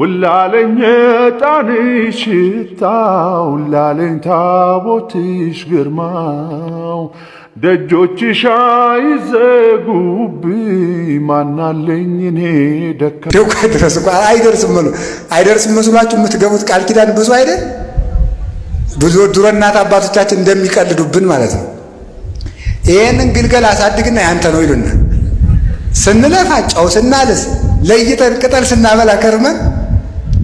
ውላለኝ ዕጣንሽ ሽታ ውላለኝ ታቦትሽ ግርማው ደጆችሽ አይዘጉብኝ ማናለኝ እኔ ደካ አይደርስም አይደርስም መስሏችሁ የምትገቡት ቃል ኪዳን ብዙ አይደል ብዙ ድሮ እናት አባቶቻችን እንደሚቀልዱብን ማለት ነው። ይህንን ግልገል አሳድግና ያንተ ነው ይሉና ስንለፋ ጨው ስናልስ ለይተን ቅጠል ስናበላ ከርመን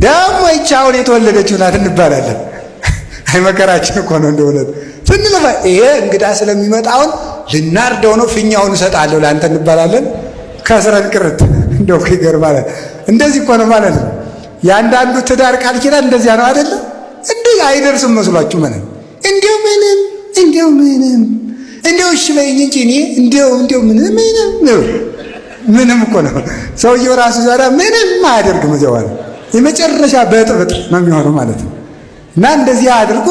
ደግሞ ይቺ አሁን የተወለደችው ናት እንባላለን። አይመከራችን እኮ ነው። እንደሆነ እውነት ስንልፋ ይሄ እንግዳ ስለሚመጣ አሁን ልናርደው ነው። ፊኛውን እሰጣለሁ ለአንተ እንባላለን። ከስረን ቅርት እንደ ይገር ማለት እንደዚህ እኮ ነው ማለት ነው። የአንዳንዱ ትዳር ቃል ኪዳን እንደዚያ ነው አይደለም? እንዲህ አይደርስም መስሏችሁ ማለት እንዲው ምንም እንዲው ምንም እንዲው እሺ በይኝ እንጂ እኔ እንዲው እንዲው ምንም ምንም ምንም እኮ ነው ሰውየው ራሱ ዛሬ ምንም አያደርግም እዚያው የመጨረሻ በጥብጥ ነው የሚሆነው ማለት ነው። እና እንደዚህ አድርጎ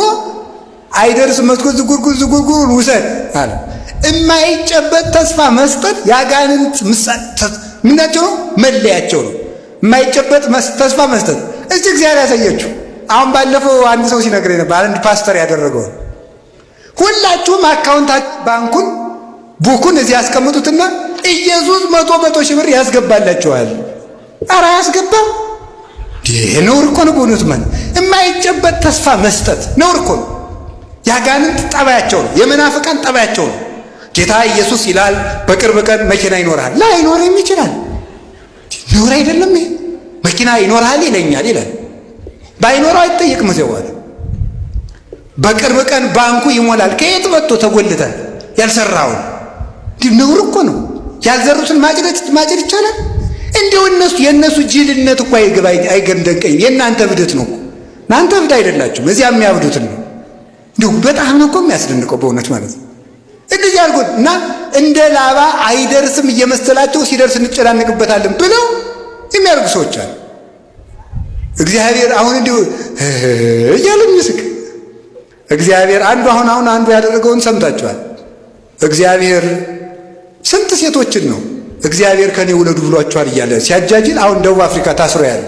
አይደርስ መስኮት ዝጉርጉር ዝጉርጉር ውሰድ አለ። የማይጨበጥ ተስፋ መስጠት የአጋንንት ምናቸው ነው መለያቸው ነው። የማይጨበጥ ተስፋ መስጠት እዚ እግዚአብሔር ያሳየችው። አሁን ባለፈው አንድ ሰው ሲነግረኝ ነበር፣ አንድ ፓስተር ያደረገው ሁላችሁም አካውንታችሁ ባንኩን ቡኩን እዚህ ያስቀምጡትና ኢየሱስ መቶ መቶ ሺህ ብር ያስገባላችኋል። ኧረ አያስገባም። ነውር እኮ ነው። በእውነቱ ማን የማይጨበጥ ተስፋ መስጠት ነውር እኮ ነው። ያጋንንት ጠባያቸው ነው። የመናፍቃን ጠባያቸው ነው። ጌታ ኢየሱስ ይላል በቅርብ ቀን መኪና ይኖርሃል። ላይኖርም ይችላል። ነውር አይደለም ይሄ። መኪና ይኖርሃል ይለኛል ይላል። ባይኖረው አይጠየቅም። እዚያው በቅርብ ቀን ባንኩ ይሞላል። ከየት መጥቶ ተጎልታል? ያልሰራውን ነውር እኮ ነው። ያልዘሩትን ማጭድ ይቻላል። እንዲው እነሱ የእነሱ ጅልነት እኮ አይገባ አይገምደቀኝ የእናንተ እብደት ነው። እናንተ ብድ አይደላችሁም፣ እዚያ የሚያብዱትን ነው። እንዲሁ በጣም ነው እኮ የሚያስደንቀው በእውነት ማለት ነው። እንደዚህ አልኩት እና እንደ ላባ አይደርስም እየመሰላቸው ሲደርስ እንጨናነቅበታለን ብለው የሚያደርጉ ሰዎች አሉ። እግዚአብሔር አሁን እንዲሁ እያለ የሚስቅ እግዚአብሔር አንዱ አሁን አሁን አንዱ ያደረገውን ሰምታችኋል። እግዚአብሔር ስንት ሴቶችን ነው እግዚአብሔር ከኔ ውለዱ ብሏቸዋል እያለ ሲያጃጅል፣ አሁን ደቡብ አፍሪካ ታስሮ ያለ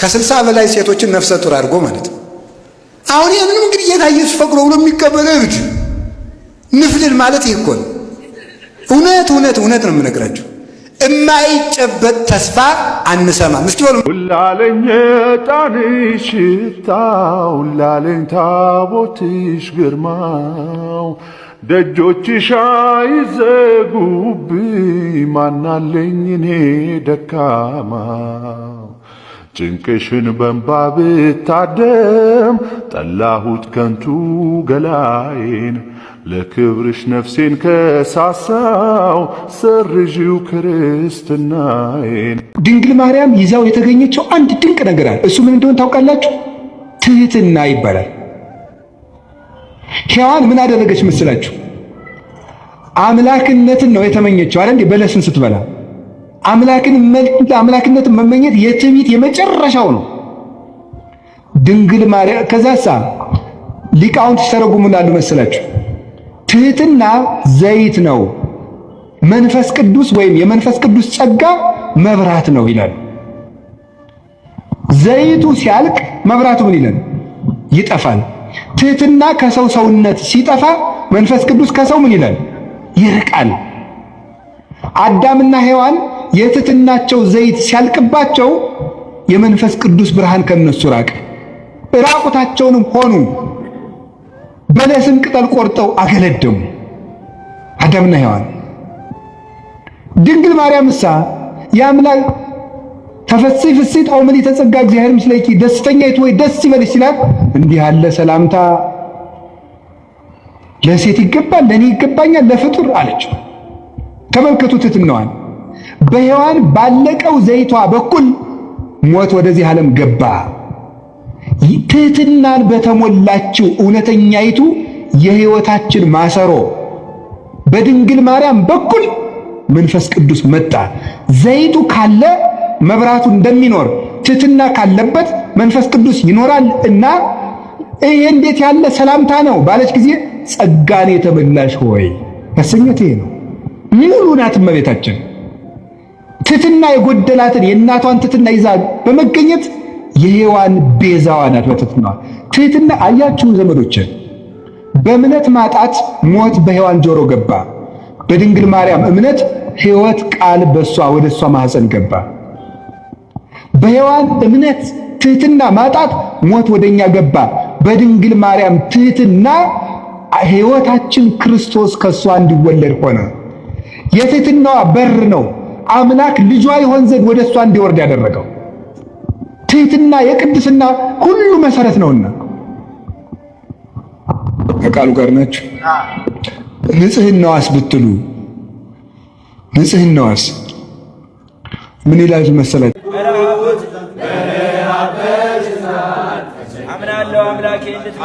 ከስልሳ በላይ ሴቶችን ነፍሰ ጡር አድርጎ ማለት ነው። አሁን ያንን እንግዲህ ጌታ ኢየሱስ ፈቅዶ ብሎ የሚቀበለው እብድ ንፍልል ማለት ይህ እኮ ነው። እውነት እውነት እውነት ነው የምነግራቸው። እማይጨበጥ ተስፋ አንሰማም። እስኪ በሉ ሁላለኝ ዕጣን ሽታ ሁላለኝ ታቦትሽ ግርማው ደጆችሽ አይዘጉብኝ ማናለኝ እኔ ደካማ ጭንቅሽን በንባ ብታደም ጠላሁት ከንቱ ገላዬን ለክብርሽ ነፍሴን ከሳሳው ሰርዥው ክርስትናዬን። ድንግል ማርያም ይዛው የተገኘችው አንድ ድንቅ ነገር አለ። እሱ ምን እንደሆን ታውቃላችሁ? ትህትና ይባላል። ሔዋን ምን አደረገች መስላችሁ? አምላክነትን ነው የተመኘችው አይደል? በለስን ስትበላ አምላክን አምላክነትን መመኘት የትዕቢት የመጨረሻው ነው። ድንግል ማርያም ከዛሳ ሊቃውንት ሲተረጉሙላሉ መስላችሁ ትህትና ዘይት ነው፣ መንፈስ ቅዱስ ወይም የመንፈስ ቅዱስ ጸጋ መብራት ነው ይላል። ዘይቱ ሲያልቅ መብራቱ ምን ይላል? ይጠፋል። ትህትና ከሰው ሰውነት ሲጠፋ መንፈስ ቅዱስ ከሰው ምን ይላል? ይርቃል። አዳምና ሔዋን የትህትናቸው ዘይት ሲያልቅባቸው የመንፈስ ቅዱስ ብርሃን ከነሱ ራቅ ራቁታቸውንም ሆኑ። በለስን ቅጠል ቆርጠው አገለደሙ አዳምና ሔዋን። ድንግል ማርያም እሳ የአምላክ ተፈሥሒ ፍሥሕት አውመሊእ ተጸጋ እግዚአብሔር ደስተኛ ደስተኛይቱ ወይ ደስ ይበል ሲላት እንዲህ ያለ ሰላምታ ለሴት ይገባል፣ ለእኔ ይገባኛል፣ ለፍጡር አለችው። ተመልከቱ ትትነዋል በሔዋን ባለቀው ዘይቷ በኩል ሞት ወደዚህ ዓለም ገባ። ትሕትናን በተሞላችው እውነተኛይቱ የህይወታችን ማሰሮ በድንግል ማርያም በኩል መንፈስ ቅዱስ መጣ። ዘይቱ ካለ መብራቱ እንደሚኖር ትህትና ካለበት መንፈስ ቅዱስ ይኖራል እና ይሄ እንዴት ያለ ሰላምታ ነው ባለች ጊዜ ጸጋን የተመላሽ ሆይ መሰኘት ይሄ ነው። ሙሉ ናት እመቤታችን። ትህትና የጎደላትን የእናቷን ትህትና ይዛ በመገኘት የሔዋን ቤዛዋ ናት። በትትና ትትና። አያችሁ ዘመዶች፣ በእምነት ማጣት ሞት በሔዋን ጆሮ ገባ። በድንግል ማርያም እምነት ሕይወት ቃል በእሷ ወደ እሷ ማኅፀን ገባ። በሔዋን እምነት ትህትና ማጣት ሞት ወደኛ ገባ። በድንግል ማርያም ትህትና ሕይወታችን ክርስቶስ ከእሷ እንዲወለድ ሆነ። የትህትናዋ በር ነው አምላክ ልጇ ይሆን ዘንድ ወደ እሷ እንዲወርድ ያደረገው። ትህትና የቅድስና ሁሉ መሰረት ነውና ከቃሉ ጋር ናቸው። ንጽህናዋስ ብትሉ ንጽህናዋስ ምን ይላል መሰላችሁ?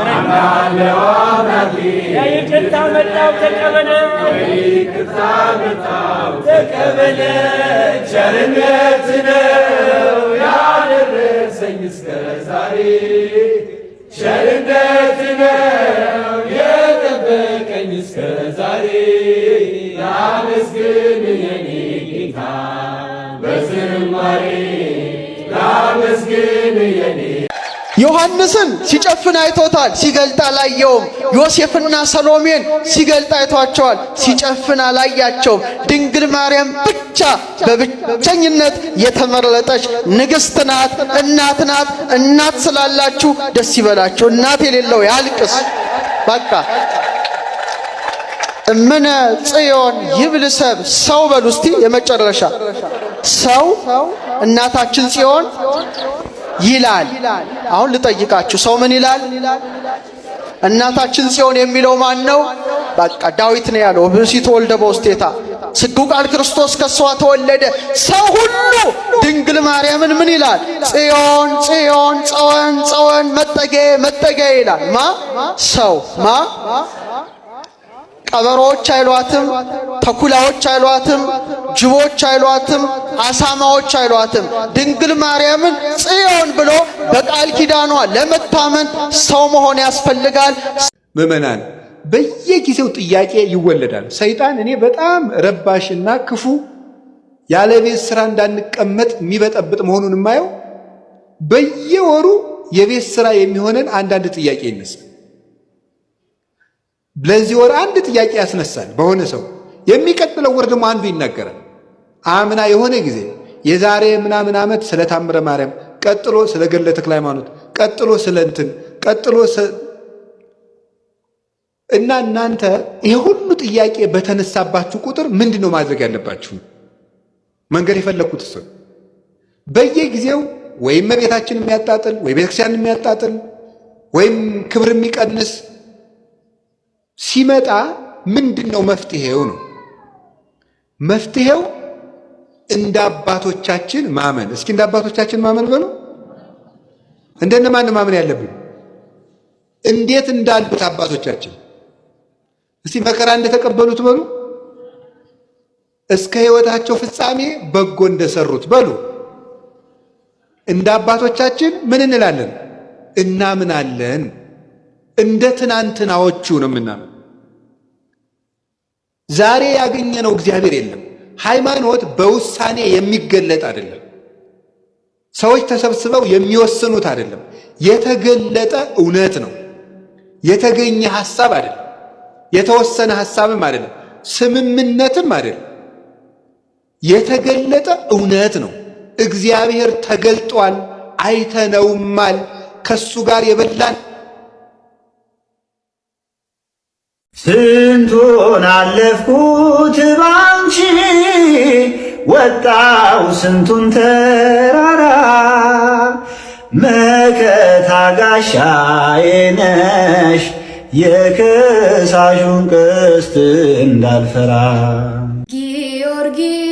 አምላኬ እንድትምረኝ የይቅርታ መጣው ተቀበለን ቸርነት ነው ያደረሰኝ እስከ ዛሬ ቸርነት ነው ዮሐንስን ሲጨፍን አይቶታል፣ ሲገልጥ አላየውም። ዮሴፍና ሰሎሜን ሲገልጥ አይቷቸዋል፣ ሲጨፍን አላያቸውም። ድንግል ማርያም ብቻ በብቸኝነት የተመረጠች ንግሥት ናት፣ እናት ናት። እናት ስላላችሁ ደስ ይበላችሁ። እናት የሌለው ያልቅስ። በቃ እምነ ጽዮን ይብል ሰብ ሰው በሉ እስቲ የመጨረሻ ሰው እናታችን ጽዮን ይላል። አሁን ልጠይቃችሁ፣ ሰው ምን ይላል? እናታችን ጽዮን የሚለው ማን ነው? በቃ ዳዊት ነው ያለው። ብእሲት ወልደ በውስቴታ ስግው ቃል ክርስቶስ ከሷ ተወለደ። ሰው ሁሉ ድንግል ማርያምን ምን ይላል? ጽዮን ጽዮን፣ ጸወን ጸወን፣ መጠጌ መጠጌ ይላል። ማ ሰው ማ ቀበሮዎች አይሏትም፣ ተኩላዎች አይሏትም፣ ጅቦች አይሏትም፣ አሳማዎች አይሏትም። ድንግል ማርያምን ጽዮን ብሎ በቃል ኪዳኗ ለመታመን ሰው መሆን ያስፈልጋል። ምመናን በየጊዜው ጥያቄ ይወለዳል። ሰይጣን እኔ በጣም ረባሽና ክፉ ያለ ቤት ስራ እንዳንቀመጥ የሚበጠብጥ መሆኑን የማየው በየወሩ የቤት ስራ የሚሆነን አንዳንድ ጥያቄ ይነሳል። ለዚህ ወር አንድ ጥያቄ ያስነሳል በሆነ ሰው፣ የሚቀጥለው ወር ደግሞ አንዱ ይናገራል። አምና የሆነ ጊዜ የዛሬ ምናምን ዓመት ስለ ታምረ ማርያም ቀጥሎ ስለ ገድለ ተክለ ሃይማኖት ቀጥሎ ስለ እንትን ቀጥሎ እና እናንተ ይሄ ሁሉ ጥያቄ በተነሳባችሁ ቁጥር ምንድን ነው ማድረግ ያለባችሁ? መንገድ የፈለግኩት እሱ በየጊዜው ወይም መቤታችን የሚያጣጥል ወይ ቤተክርስቲያን የሚያጣጥል ወይም ክብር የሚቀንስ ሲመጣ ምንድን ነው መፍትሄው ነው መፍትሄው እንደ አባቶቻችን ማመን። እስኪ እንደ አባቶቻችን ማመን በሉ። ማን ማመን ያለብን? እንዴት እንዳሉት አባቶቻችን። እስቲ መከራ እንደተቀበሉት በሉ። እስከ ሕይወታቸው ፍጻሜ በጎ እንደሰሩት በሉ። እንደ አባቶቻችን ምን እንላለን? እናምናለን። እንደ ትናንትናዎቹ ነው የምናምን። ዛሬ ያገኘነው እግዚአብሔር የለም። ሃይማኖት በውሳኔ የሚገለጥ አይደለም። ሰዎች ተሰብስበው የሚወስኑት አይደለም። የተገለጠ እውነት ነው። የተገኘ ሐሳብ አይደለም። የተወሰነ ሐሳብም አይደለም። ስምምነትም አይደለም። የተገለጠ እውነት ነው። እግዚአብሔር ተገልጧል፣ አይተነውማል። ከሱ ጋር የበላን ስንቱን አለፍኩት ባንቺ ወጣው ስንቱን ተራራ መከታ ጋሻዬ ነሽ የከሳሹን ቀስት እንዳልፈራ ጊዮርጊስ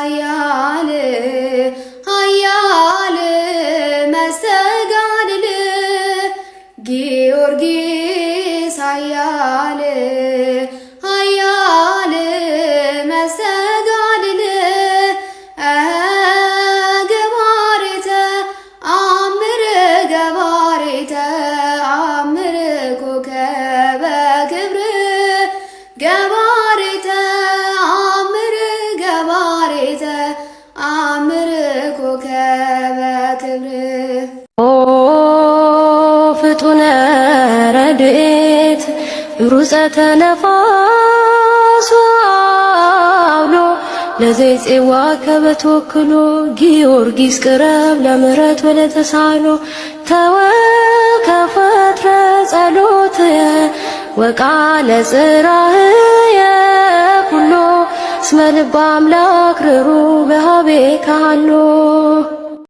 saya ሩፀተ ነፋሱ አውሎ ለዘይፄዋ ከበተወክሎ ጊዮርጊስ ቅረብ ወለተሳሎ ተወከፈትረ ወቃለ ጽራህየ ኩሎ እስመ ልበ አምላክ ርሩ በሃቤ ካሎ